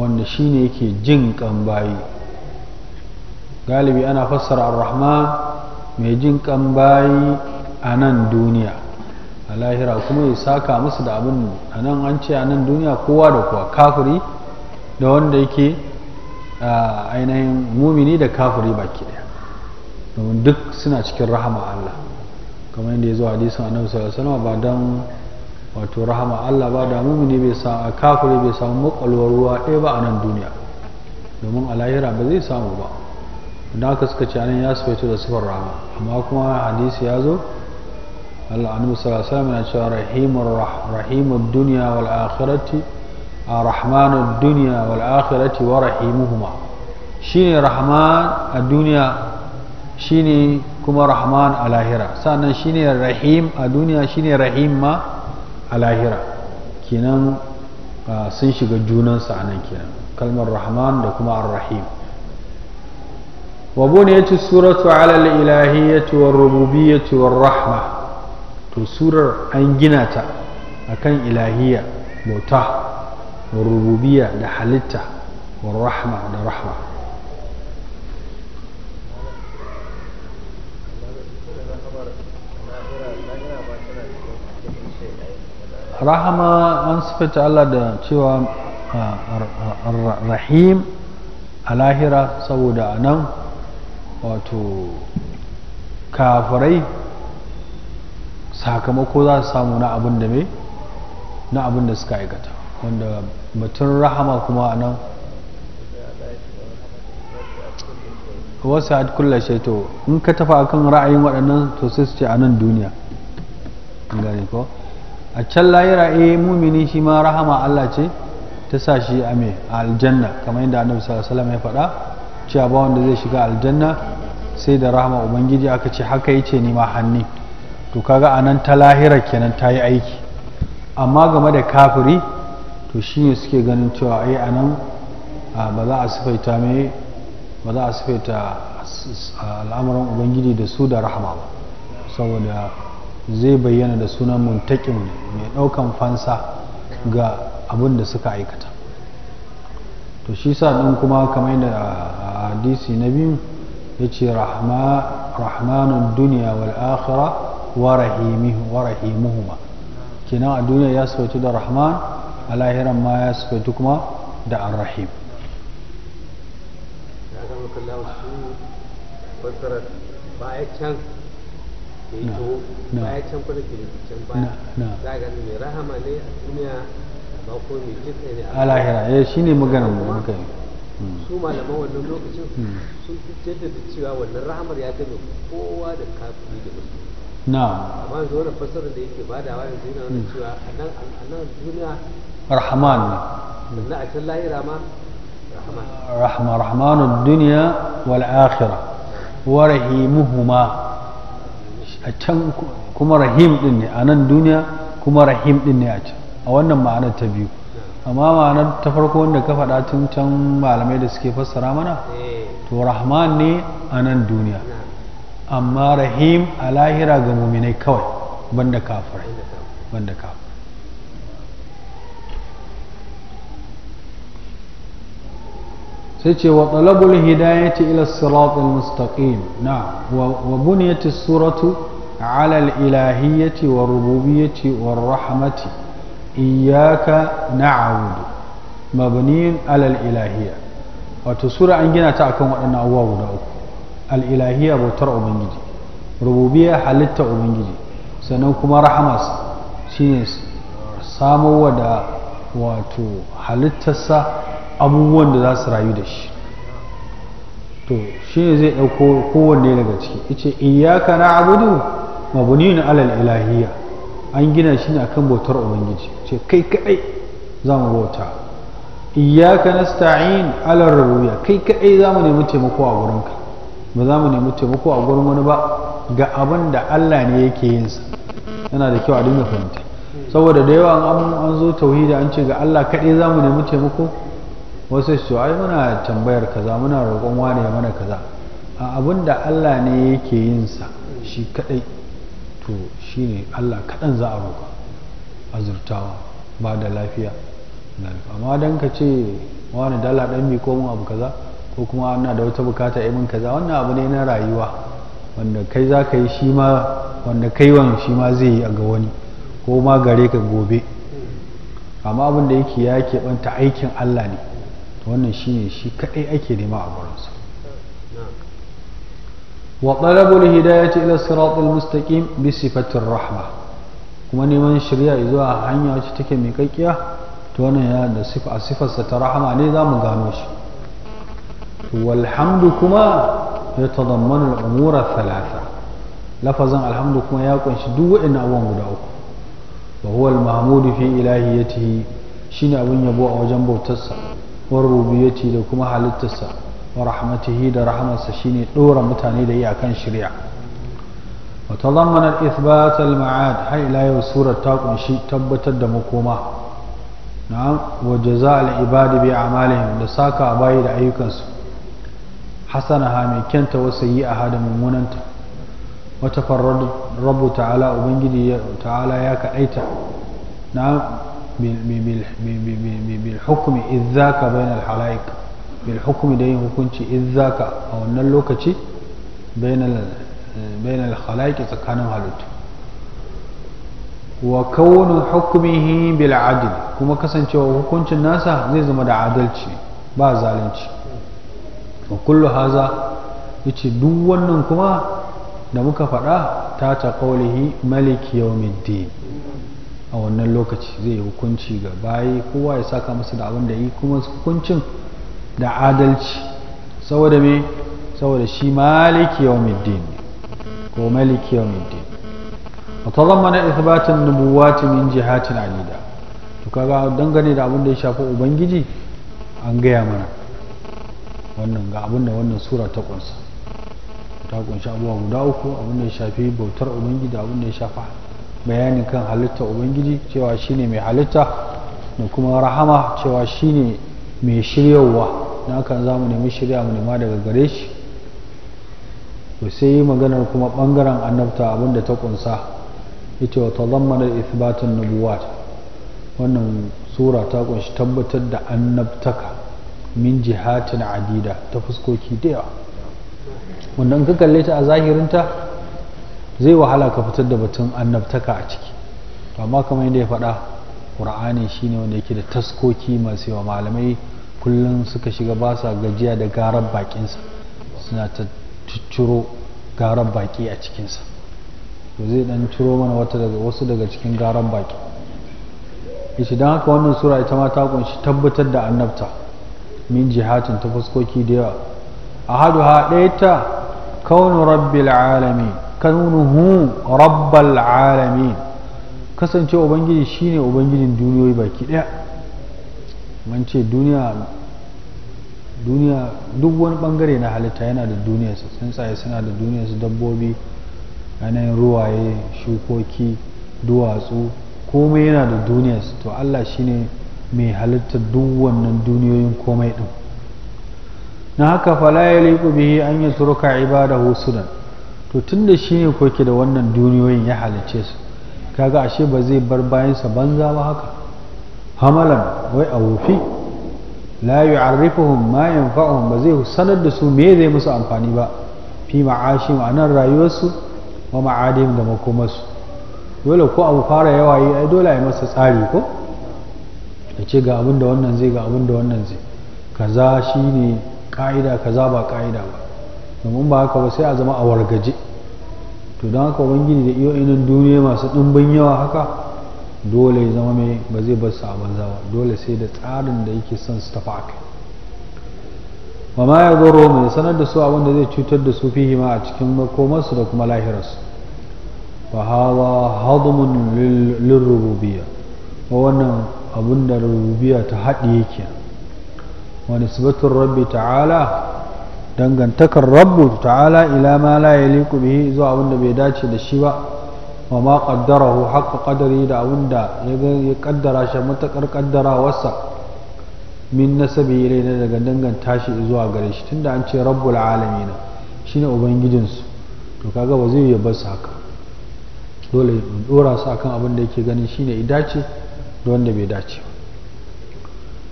wanda shine yake jin kan bayi galibi ana fassara ar-rahman mai jin kan bayi a nan duniya a lahira kuma ya saka musu da abin a nan an ce a nan duniya kowa da kowa kafiri da wanda yake ainihin mumini da kafiri baki daya domin duk suna cikin rahama Allah kamar yadda ya zo hadisin annabi sallallahu alaihi ba dan wato rahama Allah ba da mumini bai sa kafiri bai samu makwalwar ruwa ɗaya ba a nan duniya domin a lahira ba zai samu ba da haka suka ce anan ya sufaito da sifar rahama amma kuma hadisi ya zo Allah annabi sallallahu alaihi wasallam cewa rahimur rahimud dunya wal akhirati arrahmanud dunya wal akhirati wa rahimuhuma shine rahman a duniya shine kuma rahman a lahira sannan shine rahim a duniya shine rahim ma a lahira kenan sun shiga junansa a nan kenan kalmar rahman da kuma ar-rahim ya ci suratu ala al-ilahiyyati war rububiyyati rahma to surar an gina ta akan ilahiyya bauta wa rububiyya da halitta wa rahma da rahma rahama an sifata Allah da cewa ah, rahim a lahira saboda a nan wato kafirai sakamako za su samu na abin da suka aikata wanda mutum rahama kuma a nan wasu had kulla to in ka tafa akan ra'ayin waɗannan to sai su ce a nan duniya gane ko a can lahira e mumini shi ma rahama Allah ce ta sa shi a me aljanna kamar yadda annabi sallallahu alaihi wasallam ya faɗa cewa ba wanda zai shiga aljanna sai da rahama ubangiji aka ce haka yace ni ma hanni to kaga anan ta lahira kenan ta yi aiki amma game da kafiri to shine suke ganin cewa ai eh, anan ba za a sifaita me ba za a sifaita al'amuran ubangiji da su da rahama ba saboda zai bayyana da sunan muntakin mai ɗaukan fansa ga abin da suka aikata to shi sa ɗin kuma kamar da hadisi na biyu ya ce rahmanun duniya wal akhira wa rahimuhuma kenan a duniya ya sifatu da rahman a lahiran ma ya sifatu kuma da arrahim rahim. baya can fa nake can baya za mai rahama ne a duniya ba ko mai kitse ne a lahira eh shine maganar mu muka yi hmm. su malaman wannan lokacin hmm. sun jaddada cewa wannan rahamar ya gane kowa da da na amma yanzu wannan fasarar da yake badawa yanzu yana nuna hmm. cewa a nan a nan duniya rahman ne sannan a can lahira ma rahman rahman wal akhirah wa rahimuhuma a can kuma rahim din ne a nan duniya kuma rahim din ne a can a wannan ma'anar ta biyu amma ma'anar ta farko wanda ka faɗa tun can malamai da suke fassara mana eh. to rahman ne a nan duniya amma rahim a lahira ga muminai kawai banda kafirai banda kafirai سيتي وطلب الهداية إلى الصراط المستقيم نعم وبنيت السورة على الإلهية والربوبية والرحمة إياك نعبد مبني على الإلهية وتسورة أنجنا تأكم أن أواب دعوك الإلهية بوتر أبنجي ربوبية حلت أبنجي سنوكما رحمة شيني سامو ودا واتو halittarsa سا da za su rayu da shi to shi ne zai ɗauko kowanne daga ciki ice iyaka na mabuniyun alal ilahiyya an gina shi ne akan bautar ubangiji ce kai kadai za mu bauta iyyaka nasta'in ala rububiyya kai kadai za mu nemi taimako a ka ba za mu nemi taimako a gurin wani ba ga abin da Allah ne yake yin sa yana da kyau a dinga fahimta saboda da yawa an zo tauhida an ce ga Allah kadai za mu nemi taimako wasu su ai muna tambayar kaza muna roƙon wane mana kaza a abin da Allah ne yake yin sa shi kadai to shi ne Allah kaɗan za a roƙa azurtawa ba da lafiya amma don ka ce wani dala ɗan mi ko abu kaza ko kuma ana da wata bukata yi min kaza wannan abu ne na rayuwa wanda kai za ka yi shi ma wanda kai wan shi ma zai yi a ga wani ko ma gare ka gobe amma abin da yake ya keɓanta aikin Allah ne wannan shi ne shi kaɗai ake nema a gurinsa وطلب الهداية إلى الصراط المستقيم بصفة الرحمة كما نيمان شريعة إذا هنيا تكي ميكيكيا تونا يا ده صفة صفة سترحمة عليه ذا مغانوش والحمد كما يتضمن الأمور الثلاثة لفظا الحمد كما يكون شدو إن أوان قدعوك وهو المحمود في إلهيته شين أبن يبوء وجنبه تسا والربوبية لكما حالة تسا ورحمته درحمة سشيني دورا متاني دي أكن شريع وتضمن الإثبات المعاد هاي لا يوصور التاق نشي تبت الدمكومة نعم وجزاء العباد بأعمالهم لساك أباي رأيكنس حسن هامي كنت وسيئة هذا ممون أنت وتفرد رب تعالى وبنجدي تعالى ياك أيتا نعم بالحكم إذ ذاك بين الحلائق bil hukumi da yin hukunci in zaka a wannan lokaci bainal eh, khalaiki tsakanin halittu wa kaunu hukumihi bil adil kuma kasancewa hukuncin nasa zai zama da adalci ba zalunci wa kullu haza yace duk wannan kuma da muka faɗa ta ta qawlihi maliki din. a wannan lokaci zai yi hukunci ga bayi kowa ya saka masa da abin da yi kuma hukuncin da adalci saboda me saboda shi maliki yawmiddin ko maliki yawmiddin wa tazammana ithbatan nubuwati min jihatin alida to kaga dangane da abin da ya shafi ubangiji an gaya mana wannan ga abin da wannan sura ta kunsa ta kunshi abubuwa guda uku abin da ya shafi bautar ubangiji abin da ya shafa bayanin kan halitta ubangiji cewa shine mai halitta da kuma rahama cewa shine mai shiryawa na haka za mu nemi shirya mu nema daga gare shi to sai maganar kuma bangaren annabta abinda ta kunsa ita wa tazammana ithbatun nubuwat wannan sura ta kunshi tabbatar da annabtaka min jihatin adida ta fuskoki da yawa wannan ka kalle ta a zahirinta zai wahala ka fitar da batun annabtaka a ciki amma kamar yadda ya faɗa ƙur'ani shine wanda yake da taskoki masu yawa malamai kullum suka shiga ba sa gajiya da garar bakinsa suna ta ciro garar baki a cikinsa to zai dan ciro mana wata daga wasu daga cikin garar baki Ishi don haka wannan sura ita ma ta kunshi tabbatar da annabta min jihatin ta fuskoki da yawa A ahaduha ɗaya ta kaunu rabbil alamin kaunuhu rabbal alami kasance ubangiji shine ubangijin duniyoyi baki ɗaya mun ce duniya duniya duk wani bangare na halitta yana da duniyarsa tsuntsaye suna da duniyarsu dabbobi yanayin ruwaye shukoki duwatsu komai yana da duniyarsu to allah shine mai halitta duk wannan duniyoyin komai din na haka fala ya liku bihi an yi turuka ibadahu sudan to tun da shine ne da wannan duniyoyin ya halicce su kaga ashe ba zai bar bayansa banza ba haka hamalan wai a wufi la yu'arrifuhum ma yanfa'uhum ba zai sanar da su me zai musu amfani ba fi ma'ashi ma'anar rayuwarsu wa da dole ko abu fara yawa yi ai dole a yi masa tsari ko a ce ga abin da wannan zai ga abin da wannan zai kaza shine ka'ida kaza ba ka'ida ba domin ba haka ba sai a zama a wargaje to don haka gini da iyo duniya masu ɗimbin yawa haka dole ya zama mai ba zai bar su a banza ba dole sai da tsarin da yake son su tafi aka ba ma ya zoro mai sanar da su abin da zai cutar da su fihi ma a cikin makomarsu da kuma lahirarsu ba hawa hadmun lirrububiya ba wannan abin da rububiya ta haɗi yake wani nisbatul rabbi ta'ala dangantakar rabbu ta'ala ila ma la yaliqu bihi zuwa abin da bai dace da shi ba wa ma qaddarahu haqqa qadari da abinda ya kaddara shi matakar kaddarawarsa min nasabi ilayna daga danganta shi zuwa gare shi tunda an ce rabbul alamin shine ubangijinsu to kaga ba zai ba su haka dole ya dora su akan abin da yake ganin shine idace da wanda bai dace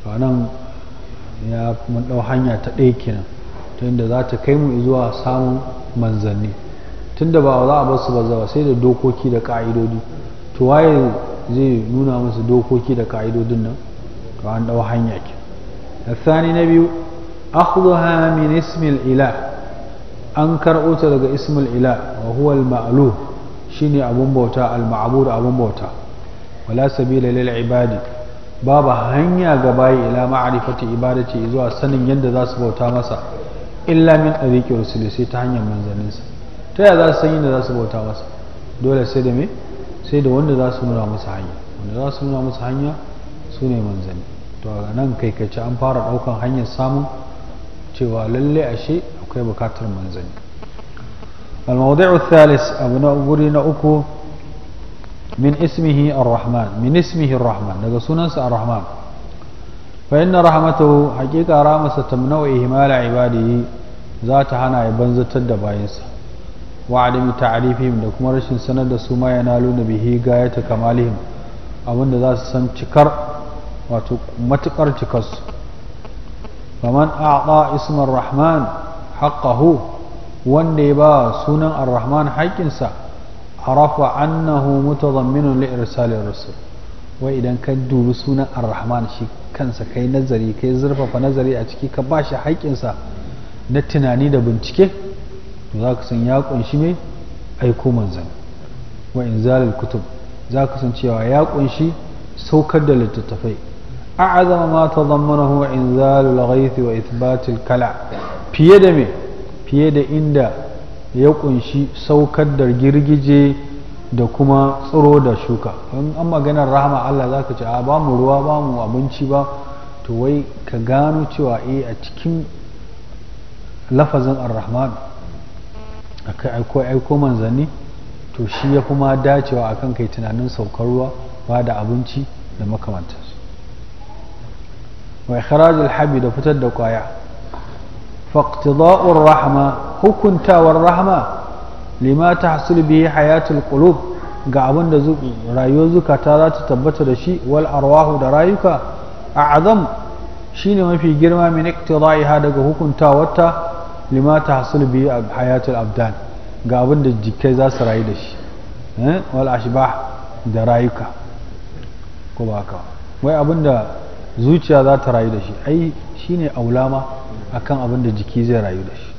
ba nan ya mun dau hanya ta ɗaya kenan ta inda za ta kai mu zuwa samun manzanni tun da ba za a basu ba zawa sai da dokoki da ka'idodi to waye zai nuna masu dokoki da ka'idodin nan ba an dawa hanya ke da tsani na biyu akwado ismil ila an karbota daga ismil ila wa huwa al shi ne abun bauta al-ma'abur abun bauta wala sabi da lalai ibadi ba ba hanya ga bayi ila ibada ce zuwa sanin yadda zasu bauta masa illa min a zikiyar sulusi ta hanyar manzanninsa ta yaya za su san yadda za su bauta masa dole sai da me sai da wanda za su nuna masa hanya wanda za su nuna masa hanya su ne manzanni to a nan kai kace an fara ɗaukan hanyar samun cewa lalle ashe akwai bukatar manzanni الموضع الثالث أبو أكو من اسمه الرحمن من اسمه الرحمن لقى سننس الرحمن فإن رحمته حقيقة رامسة تمنع إهمال عباده ذات هنا da الدبايس wa alimi ta'arifihim da kuma rashin sanar da su ma yanalu na bihi gayata kamalihim abinda za su san cikar wato matukar cikarsu faman a'ta isman rahman haqqahu wanda ya ba sunan ar-rahman haƙinsa arafa annahu mutadamminun li irsalir rasul wai idan ka dubi sunan ar-rahman shi kansa kai nazari kai zurfafa nazari a ciki ka shi haƙinsa na tunani da bincike to za ka san ya kunshi mai aiko manzan wa inzalil kutub za ka san cewa ya kunshi saukar da littattafai a'azama ma tazammanahu wa inzalul ghaithi wa ithbatil kala fiye da me fiye da inda ya kunshi saukar da girgije da kuma tsiro da shuka in an maganar rahama Allah za ka ce a ba mu ruwa ba mu abinci ba to wai ka gano cewa eh a cikin lafazin ar-rahman aka aiko aiko manzanni to shi ya kuma dacewa akan kai tunanin saukar ruwa ba da abinci da makamanta wa ikhrajul habi da fitar da kwaya faqtida'ur rahma hukuntawar rahma lima tahsul bihi hayatul qulub ga abin da rayuwar zukata za ta tabbata da shi wal arwahu da rayuka a'azam shine mafi girma min iktida'iha daga hukuntawarta lima ta hasul biyu a hayatul abdan ga abin da jikai za su rayu da shi eh, wal ashba da rayuka ko ba haka wai abin da zuciya za ta rayu da shi ai shine aulama akan abin da jiki zai rayu da shi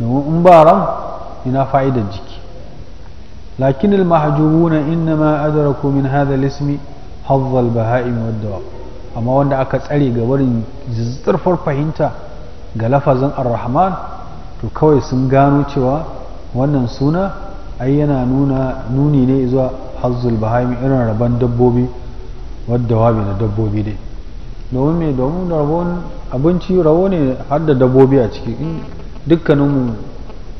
domin in ba ina fa'idar jiki lakin al-mahjubuna innama adraku min hadha al-ismi hazzal baha'im wad amma wanda aka tsare ga barin zurfar fahimta ga lafazin ar-rahman to kawai sun gano cewa wannan suna ai yana nuna nuni ne zuwa hazzul bahami irin rabon dabbobi wadda wabi na dabbobi dai domin me domin rabon abinci rabo ne har da dabbobi a ciki dukkaninmu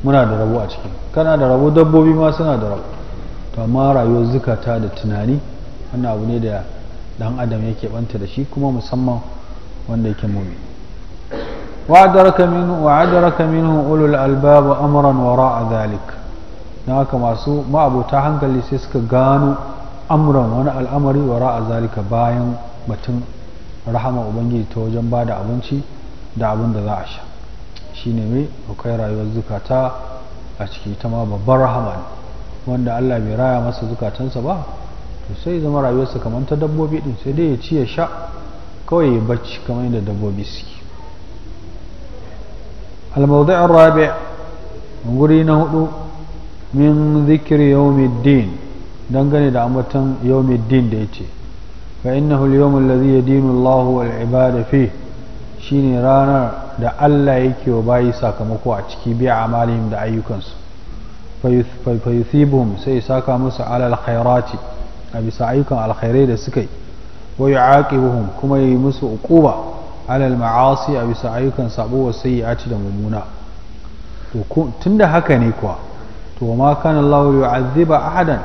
muna da rabo a ciki kana da rabo dabbobi ma suna da rabo to amma rayuwar zukata da tunani wannan abu ne da dan adam yake banta da shi kuma musamman wanda yake mumini وأدرك منه وأدرك منه أولو الألباب أمرا وراء ذلك ناك ماسو ما أبو تاهنك اللي سيسك غانو أمرا وانا الأمر وراء ذلك باين بتن رحمة أبنجي توجن بعد أبنشي da abin da za a sha shi ne mai akwai rayuwar zukata a ciki ta ma babbar rahama wanda Allah bai raya masa zukatansa ba to sai zama rayuwarsa kamar ta dabbobi din sai dai ya ci ya sha kawai ya bacci kamar yadda dabbobi suke الموضع الرابع غرينا هدو من ذكر يوم الدين دنگني دا امتن يوم الدين ديتي فإنه اليوم الذي يدين الله والعباد فيه shine ranar da Allah yake wa bayi sakamako a ciki bi amalihim da ayyukansu fa buhum sai saka musu alal khairati a bisa ayyukan alkhairai da suka yi wa yu'aqibuhum kuma yi musu uquba alal ma'asi a bisa ayyukan sabo wa ci da mummuna to tunda haka ne kuwa to ma kana Allah yu'adhiba ahadan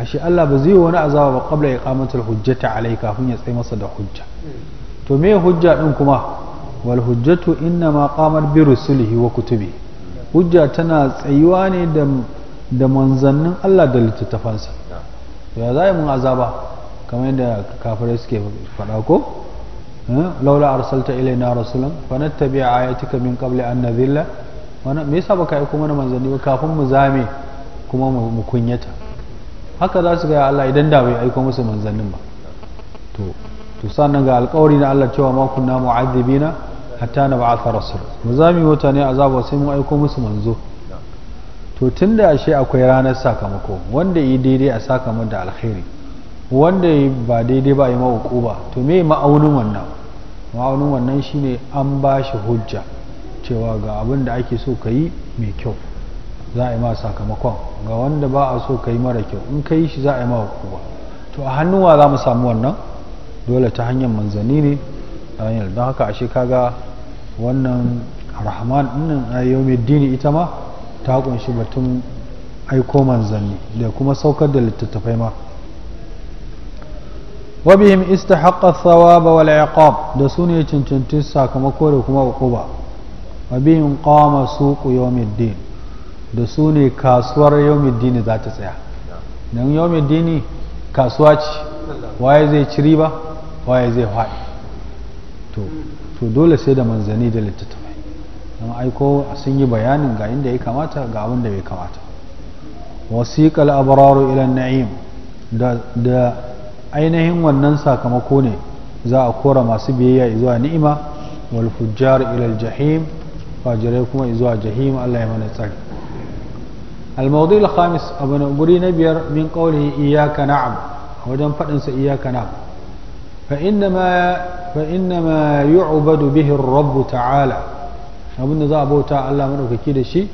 ashe Allah ba zai wani azaba ba qabla iqamatul hujjata alai kafin ya tsaye masa da hujja to me hujja din kuma wal hujjatu inna ma qamat bi rusulihi wa kutubi hujja tana tsayuwa ne da da manzannin Allah da littattafansa ya za mun azaba kamar yadda kafirai suke faɗa ko laula arsalta ilaina rasulan fa nattabi'a ayatika min qabli an nadhilla me yasa baka aiko mana manzanni ba kafin mu zame kuma mu kunyata haka za su gaya Allah idan da bai aiko musu manzannin ba to to sannan ga alƙawari na Allah cewa ma kunna mu'adhibina hatta na ba'atha rasul mu zame wata ne azaba sai mu aiko musu manzo to da ashe akwai ranar sakamako wanda yi daidai a sakamon da alkhairi wanda ba daidai ba ya mawuku ba to me ma'aunin wannan ma'aunin wannan shine an ba shi hujja cewa ga abin da ake so ka yi mai kyau za a yi ma sakamakon ga wanda ba a so ka yi mara kyau in ka yi shi za a yi ma ba to a hannuwa za mu samu wannan dole ta hanyar manzanni ne a hanyar don haka ashe kaga wannan rahman ɗinnan a dini ita ma ta kunshi batun aiko manzanni da kuma saukar da littattafai ma wa bihim istahaqqa thawaba wal iqab da su ne cancanci sakamako da kuma uquba wa bihim qama suqu yawmiddin da su ne kasuwar yawmiddin za ta tsaya dan yawmiddin kasuwa ce waye zai ci riba waye zai faɗi to dole sai da manzani da littattafai don aiko sun yi bayanin ga inda ya kamata ga abin da bai kamata wasiƙal abraru ila na'im da ainihin wannan sakamako ne za a kora masu biyayya zuwa ni'ima wal fujjar ila al jahim fajirai kuma zuwa jahim Allah ya mana tsari al-mawdi al-khamis abana guri na biyar min qawli iyyaka na'am wajen fadin sa iyyaka na'am fa inna ma fa inna ma yu'badu bihi ar-rabb ta'ala abinda za a bauta Allah madaukaki da shi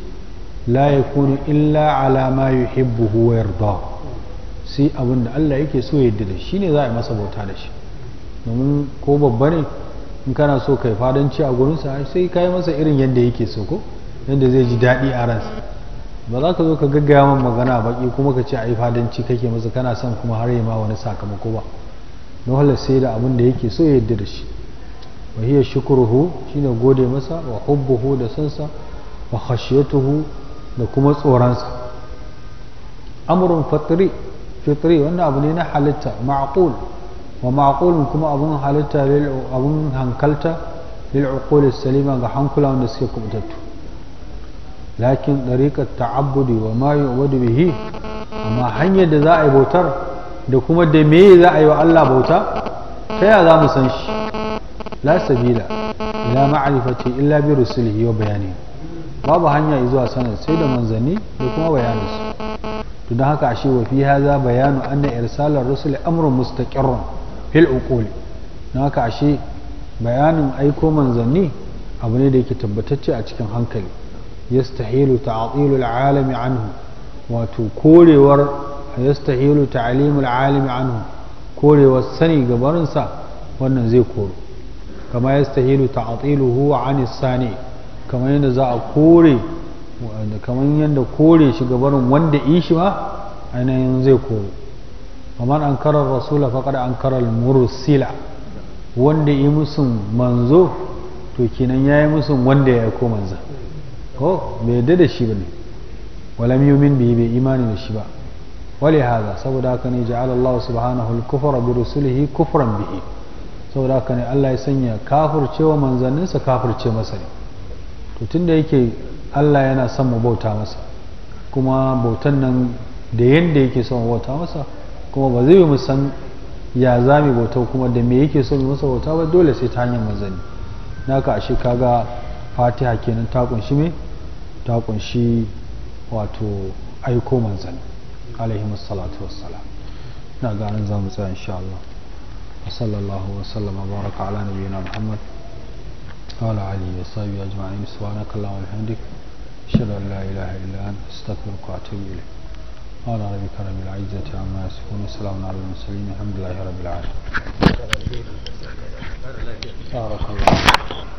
la yakunu illa ala ma yuhibbu wa yarda sai abin da Allah yake so yadda da shi ne za a yi masa bauta da shi domin ko babba ne in kana so kai fadanci a gurinsa sai ka yi masa irin yadda yake so ko yadda zai ji daɗi a ransa ba za ka zo ka gaggaya man magana baki kuma ka ce a yi fadanci kake masa kana son kuma har yi ma wani sakamako ba don halar sai da abin da yake so yadda da shi wa hiya shukruhu shine gode masa wa hubbuhu da sansa wa khashiyatuhu da kuma tsoronsa amrun fatri fitri wannan abu ne na halitta ma'qul wa ma'qulun kuma abun halitta abun hankalta lil uqul salima ga hankula wanda suke kubutattu lakin dariqat ta'abbudi wa ma yu'badu bihi amma hanyar da za a yi bautar da kuma da me za a yi wa Allah bauta ta ya za mu san shi la sabila ila ma'rifati illa bi rusulihi wa bayani babu hanya zuwa sanar sai da manzanni da kuma bayaninsu to don haka ashe wa fi haza bayanu anna irsalar rusul amrun mustaqirrun fil uqul don haka ashe bayanin aiko manzanni abu ne da yake tabbatacce a cikin hankali yastahilu ta'atilul alami anhu wato korewar yastahilu ta'alimul alami anhu korewar sani gabarinsa wannan zai koro kama yastahilu ta'atiluhu an sani kamar yadda za a kore da kamar yadda kore shi gabarin wanda yi shi ba ainihin zai kore kamar an karar rasula faƙar an karar mursila wanda yi musun manzo to kinan ya yi musun wanda ya ko manza ko bai yadda da shi ba ne walam yumin bihi bai imani da shi ba wale haza saboda haka ne ja'ala Allah subhanahu al-kufra bi rusulihi kufran bihi saboda haka ne Allah ya sanya kafircewa manzanninsa kafirce masa ne to tunda yake Allah yana son mu bauta masa kuma bautan nan da yadda yake son bauta masa kuma ba zai mu san ya za bauta kuma da me yake son masa bauta ba dole sai ta hanyar manzanni naka ashe kaga fatiha kenan ta kunshi me ta kunshi wato aiko manzanni alaihi salatu wassalam na ganin za mu tsaya insha Allah wa وصلى الله muhammad muhammad على نبينا محمد وعلى آله وصحبه أجمعين سبحانك wa وبحمدك أشهد أن لا إله إلا أنت أستغفرك وأتوب إليك قال ربي كرم العزة عما يصفون وسلام على المرسلين الحمد لله رب العالمين بارك الله